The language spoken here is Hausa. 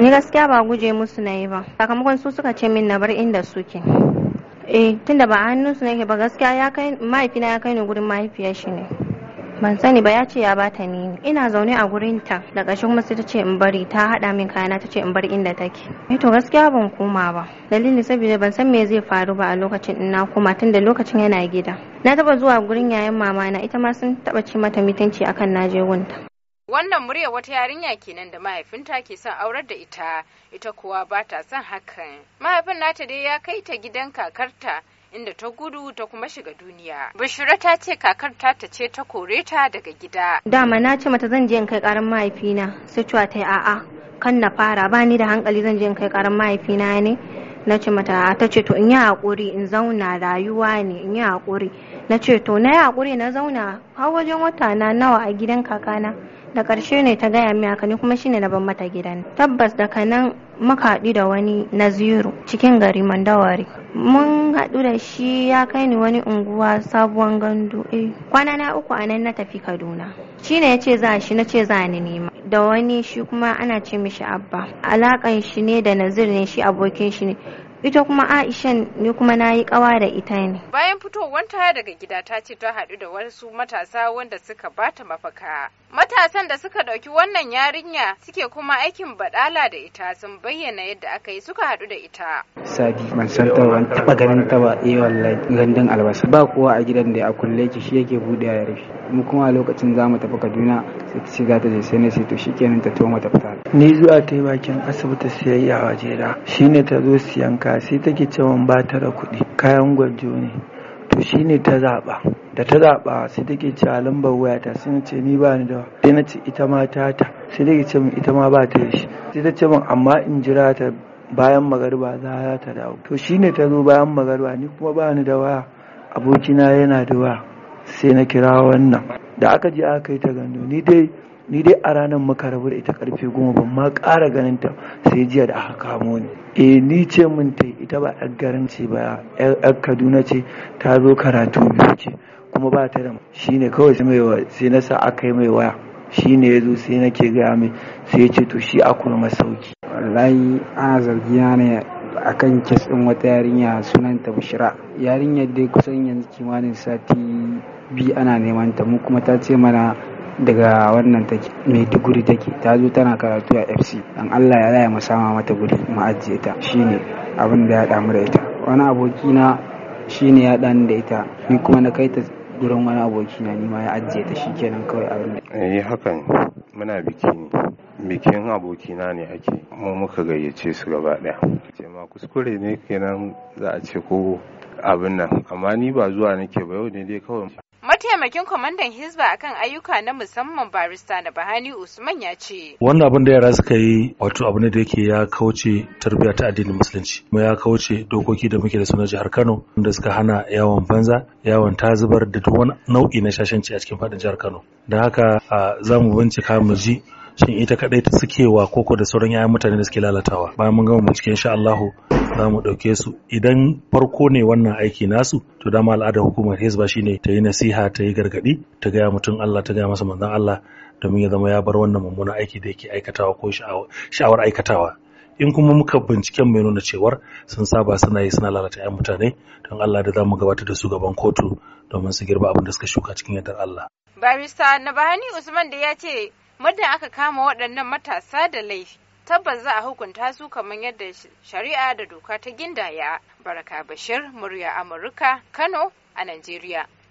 ni gaskiya ba guje musu na yi ba sakamakon su suka ce min na bar inda suke e tunda ba hannun hannunsu nake ba gaskiya ya kai mahaifina ya kai ni gurin mahaifiyar shi ne ban sani ba ya ce ya bata ni ina zaune a gurin ta da ƙarshen kuma sai ta ce in bari ta haɗa min kayana ta ce in bar inda take eh to gaskiya ban koma ba dalili saboda ban san me zai faru ba a lokacin ina koma tunda lokacin yana gida na taba zuwa gurin yayan mama na ita ma sun taba ce mata mitanci akan naje gunta Wannan murya wata yarinya kenan da mahaifinta ke son aurar da ita, ita kuwa ba ta son hakan. Mahaifin nata dai ya kai ta gidan kakarta inda ta gudu ta kuma shiga duniya. bishira ta ce kakarta ta ce ta kore ta daga gida. Dama na ce mata zan je in kai karan mahaifina, sai cewa ta a'a kan na fara ba ni da hankali zan je in kai karan mahaifina ne. na ce mata ta ce to in yi haƙuri in zauna rayuwa ne in yi haƙuri na ce to na yi haƙuri na zauna har wajen wata na nawa a gidan kakana da ƙarshe ne ta gaya min haka ni kuma shine na ban mata gidan tabbas daga nan muka haɗu da wani naziru cikin gari mandawari mun haɗu da shi ya kai ni wani unguwa sabuwan gandu eh kwana na uku a nan na tafi kaduna ne ya ce za shi na ce za ni nema da wani shi kuma ana ce mishi abba alakan shi ne da nazir ne shi abokin shi ne ita kuma aishan ni kuma na yi kawa da ita ne bayan ta daga gida ta ce ta haɗu da wasu matasa wanda suka bata mafaka matasan da suka ɗauki wannan yarinya suke kuma aikin badala da ita sun bayyana yadda aka yi suka haɗu da ita sadi ban san ta ban taɓa ganin ta ba eh wallahi gandun albasa ba kowa a gidan da ya kulle ki shi yake buɗe ya rufe mu kuma lokacin za mu tafi kaduna sai ta ce za ta je sai na ce to shikenan ta toma ta fita ni zuwa ta yi bakin asibiti siyayya wajena shine ta zo siyan kaya sai take cewa ba ta da kuɗi kayan gwanjo ne to ne ta zaɓa da ta zaɓa sai take ce a lambar wayata sai na ce ni ba ni da sai na ce ita ma ta ta sai take ce min ita ma ba ta shi sai ta ce min amma in jira ta bayan magariba za ta dawo to ne ta zo bayan magariba ni kuma ba ni da waya abokina yana da waya sai na kira wannan da aka je aka yi ta gando ni dai ni dai a ranar muka rabu da ita karfe goma ban ma ƙara ganin ta sai jiya da aka kamo ni eh ni ce mun ta ita ba yar garin ce ba yar kaduna ce ta zo karatu biyu ce kuma ba ta da ne kawai sai mai sai na sa aka yi mai waya ne ya zo sai nake gaya mai sai ya ce to shi a kuma masauki wallahi ana zargina ne akan kes ɗin wata yarinya sunan ta bishira yarinyar dai kusan yanzu kimanin sati biyu ana neman ta mu kuma ta ce mana daga wannan take maiduguri take ta zo tana karatu a fc dan allah ya raya mu sama mata guri mu ajiye ta shine abin da ya damu da ita wani aboki na shine ya dan da ita ni kuma na kai ta gurin wani aboki na ni ma ya ajiye ta shikenan kawai abin da eh hakan muna biki ne bikin abokina ne ake mu muka gayyace su gaba daya ce ma kuskure ne kenan za a ce ko abin nan amma ni ba zuwa nake ba yau ne dai kawai Mataimakin kwamandan Hizba akan ayyuka na musamman barista na Bahani Usman ya ce. Wannan abin da yara suka yi wato abu ne da yake ya kauce tarbiyya ta addinin musulunci kuma ya kauce dokoki da muke da su na jihar Kano wanda suka hana yawon banza yawon ta zubar da duk wani nau'i na shashanci a cikin faɗin jihar Kano. Da haka za mu bincika mu ji shin ita kadai ta sukewa koko da sauran yayan mutane da suke lalatawa bayan mun gama cikin insha Allah za mu ɗauke su idan farko ne wannan aiki nasu to dama al'ada hukumar hizba shine ta yi nasiha ta yi gargadi, ta gaya mutum Allah ta gaya masa manzon Allah domin ya zama ya bar wannan mummunan aiki da yake aikatawa ko sha'awar aikatawa in kuma muka binciken mai nuna cewar sun saba suna yi suna lalata 'yan mutane don Allah da za mu gabatar da su gaban kotu domin su girba abin da suka shuka cikin yardar Allah. Barista Nabahani Usman da ya ce muddin aka kama waɗannan matasa da laifi tabbas za a hukunta su kamar yadda shari'a da doka ta gindaya baraka bashir murya amurka kano a najeriya